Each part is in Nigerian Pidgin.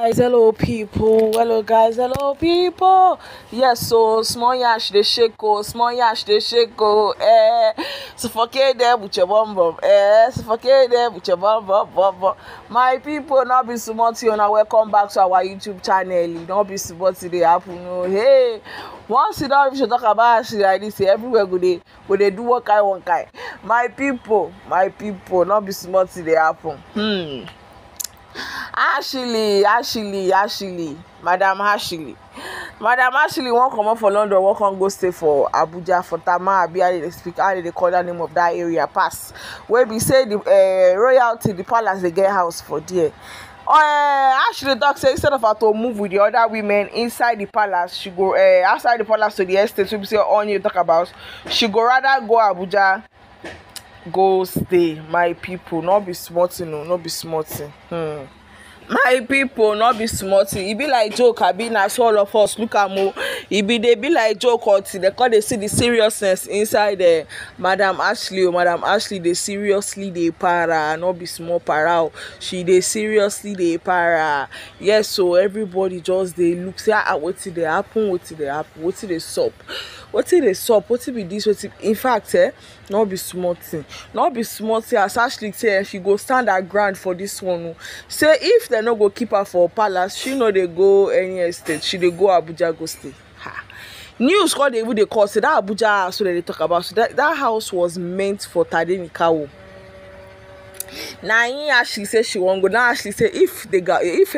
guys hello people hello guys hello people yes so small yash dey shake oh small yash dey shake oh eh suffocate them with your bum bum eh suffocate them with your bum bum bum bum my people no be small thing una oh, welcome back to our youtube channel e no be small thing dey happen oh hey once you don reach to talk about as you like this everywhere go dey go dey do one kind one kind my people my people no be small thing dey happen hmm ashley ashley ashley madam ashley madam ashley wan comot for london wan come go stay for abuja for tama abi how dey speak how dey dey call that name of that area pass wey be say the uh, royalty the palace dey get house for there uh, ashley talk say instead of her to move with the other women inside the palace she go uh, outside the palace to the estate wey be say onion talk about she go rather go abuja goals dey my people. no be small thing o no be small thing hmm. my people, no be small thing e be like joke abi na so all of us look am o e be dey be like joke until dem come dey see the seriousness inside uh, madam ashley o oh, madam ashley dey seriously dey para no be small para o oh. she dey seriously dey para yes o so everybody just dey look say ah, ah wetin dey happen wetin dey happen wetin dey sup wetin dey sup wetin be this wetin in fact eh no be small thing no be small thing as ashley tell eh, she go stand her ground for this one o oh. say if dem no go keep her for palace she no dey go any estate she dey go abuja go stay ha news come dey even dey call say that abuja house wey dem dey talk about so that, that house was meant for tadenikawo na hin ashley say she wan go Now ashley say if they ga if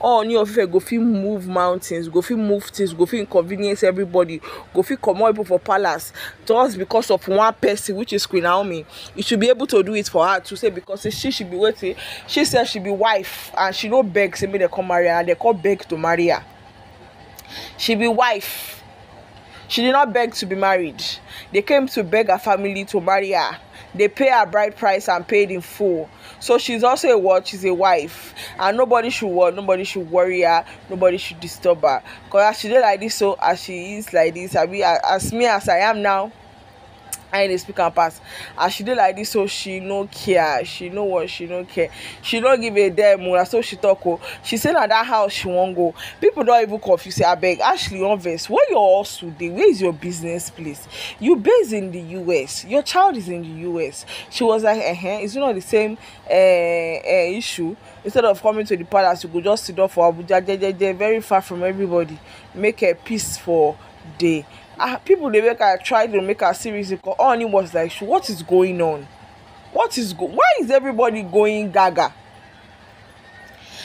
uh, new of eh, go fit move mountains go fit move things go fit inconvenience everybody go fit comot people for palace just because of one person which is Queen Naomi you should be able to do it for her too say because eh, she should be wetin she say she be wife and she no beg say make dem come marry her and dem come beg to marry her she be wife she did not beg to be married they came to beg her family to marry her they pay her bride price and paid in full so she's also a what she's a wife and nobody should what nobody should worry her nobody should disturb her because she's like this so as she is like this i be as me as i am now i dey speak am pass as she dey like this so she no care she no want she no care she no give a damn o oh. so she talk Oh, she say na that house she won't go people don't even confuse I beg ashley onvex where your hustle today? where is your business place you based in the us your child is in the us she was like eh eh is not the same uh, uh, issue instead of coming to the palace you go just sit up for abuja jejeje very far from everybody make a peace for dey ah people they make I tried to make her serious because all only was like what is going on what is go why is everybody going gaga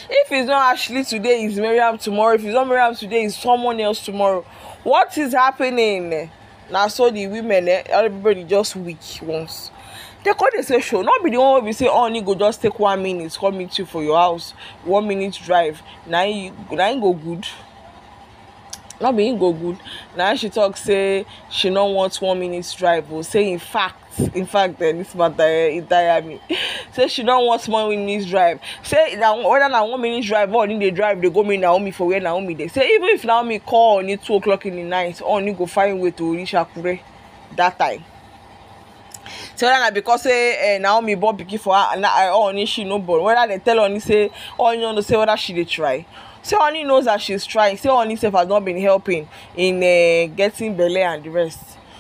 if it's not actually today it's mariam tomorrow if it's not mariam today it's someone else tomorrow what is happening Now, so the women eh, everybody just weak once they call this a show Not be the one we be say honey go just take one minute come meet you for your house one minute drive Now, im go good. Not being go good Now she talk say she no want one minute drive o oh. say in fact in fact eh, this matter eh, e tire me say she no want one minute drive say na whether na one minute drive or oni dey drive dey go meet naomi for where naomi dey say even if naomi call only two o'clock in the night only go find way to reach akure that time say whether na because say eh, naomi born pikin for her na, eh, or oni she no born whether they tell oni say or oni no know say whether she dey try Say Seoane knows that she's trying. Say Seoane self has not been helping in uh, getting Bele and the rest.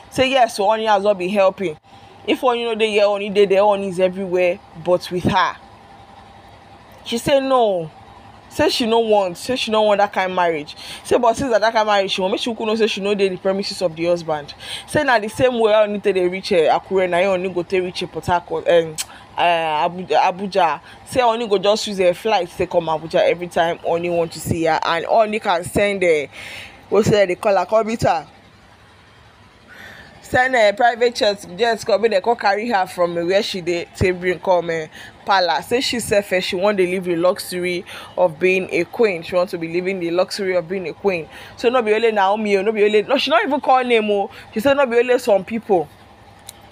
Say yes, Seoane has not been helping. If one you know they hear Oni day, their Oni is everywhere, but with her. She said no. Say she no want. Say she no want that kind of marriage. Say but since that, kind of marriage, she want make she know say she know they the premises of the husband. Say now the same way Oni they reach uh, Akure, now Oni go take reach Port Harcourt. Um, uh, Abuja. Say only go just use a flight to come Abuja every time Only want to see her, and only can send a what's that they call a computer. Send a private jet just come they call carry her from where she did to bring come uh, palace. Say she said first she want to live the luxury of being a queen. She want to be living the luxury of being a queen. So not be only Naomi, no be only no. She not even call name. She said not be only some people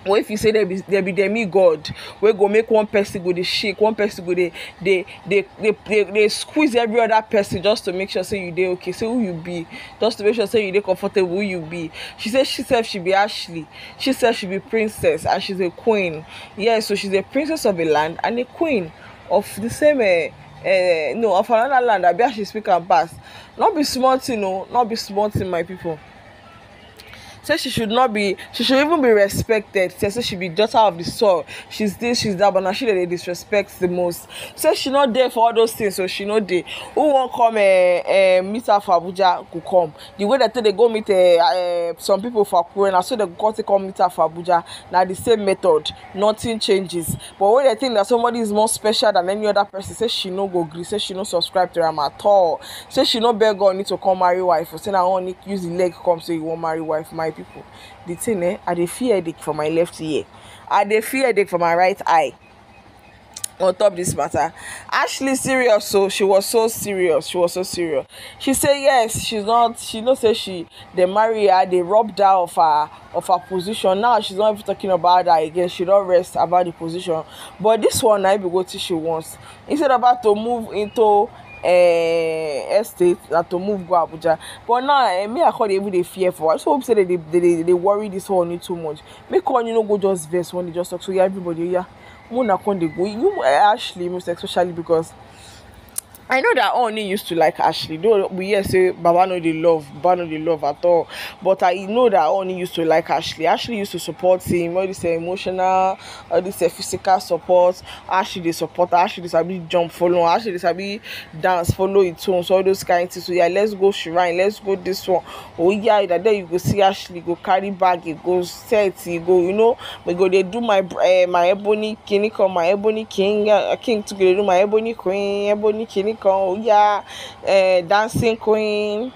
or if you say there be there be demi god? wey go make one person go dey shake one person go dey dey dey dey dey dey squeeze every other person just to make sure say you dey okay say who you be just to make sure say you dey comfortable who you be she say she sef she be ashley she sef she be princess and she's a queen yes yeah, so she's a princess of a land and a queen of the same uh, uh, no of another land abi as she speak am pass no be small thing o no be small thing my people say she should not be she should even be respected say say she be daughter of the soil she's this she's that but na she dey dey disrespect the most say she no dey for all those things so she no dey who wan come uh, uh, meet her for abuja go come the way dem take dey go meet uh, uh, some people for akure na so dem go come take come meet her for abuja na the same method nothing changes but when dem think that somebody is more special than any other person say she no go gree say she no subscribe to am at all say she no beg god need to come marry wife or say na one use the leg come say you wan marry wife my people the thing eh i dey feel headache for my left ear i dey feel headache for my right eye on top this matter ashley serious so she was so serious she was so serious she said yes she's not she not say she They marry her They robbed her of her of her position now she's not even talking about that again she don rest about the position but this one na be wetin she wants instead of her to move into uh, estate na to move go abuja but now eh, me i call dey even dey fear for i just hope say they dey they dey worry this whole new too much make honey no go just vex when they just talk so yeah everybody yeah una come dey go you eh, actually most especially because. I know that all used to like Ashley. Though we hear say Baba no dey love, Baba no dey love at all. But I know that all used to like Ashley. Ashley used to support him, all this eh, emotional, all this eh, physical support. Ashley they support, Ashley they sabi jump follow, Ashley they sabi dance follow it too. So all those kind things. So yeah, let's go shrine, let's go this one. Oh yeah, that day you go see Ashley go carry bag, he go set, he go you know, we go they do my uh, my ebony king, come my ebony king, uh, king together, do my ebony queen, ebony king kan ó dancing queen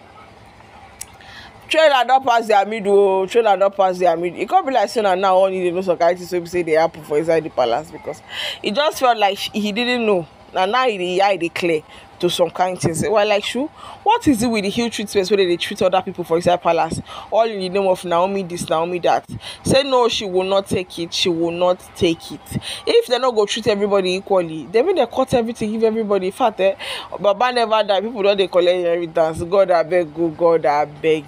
trailer don pass their middle o trailer don pass their middle e come be like say na now all you dey know socarity so be say dey happen for inside the palace because e just felt like he didn't know na now he dey hear e dey clear To some kind things so, well like shu what is it with the heel treatment wey dey dey treat other people for inside palace all in the name of naomi this naomi that say no she will not take it she will not take it if dem no go treat everybody equally dem mean dem cut everything give everybody in fact eh baba never die people don dey collect inheritance god abeg go oh god abeg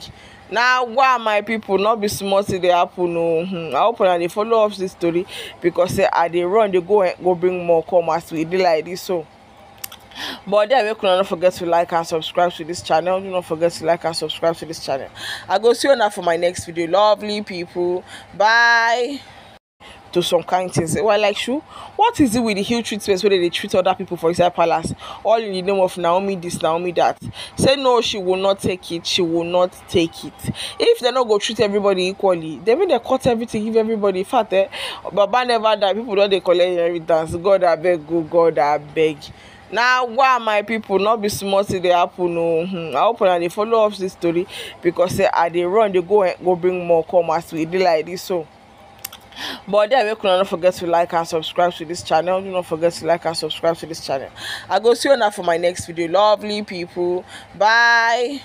na why my people no be small thing dey happen o oh. hmm. i hope una dey follow up this story because say eh, i dey run dey go eh, go bring more come as we dey like this so. Oh. But there, we could not forget to like and subscribe to this channel. Do not forget to like and subscribe to this channel. I go see you now for my next video. Lovely people. Bye. to some kind things well like shu what is it with the heel treatments wey dey dey treat other people for example, palace all in the name of naomi this naomi that say no she will not take it she will not take it if dem no go treat everybody equally they mean they cut everything give everybody fat. eh baba never die people don't they collect inheritance god I beg, oh god I beg na wa my people no be small thing dey happen Oh, hmm. i hope una dey follow up this story because say i dey run dey go go bring more come as we dey like this so but there make una no forget to like and subscribe to this channel do not forget to like and subscribe to this channel i go see una for my next video lovely people bye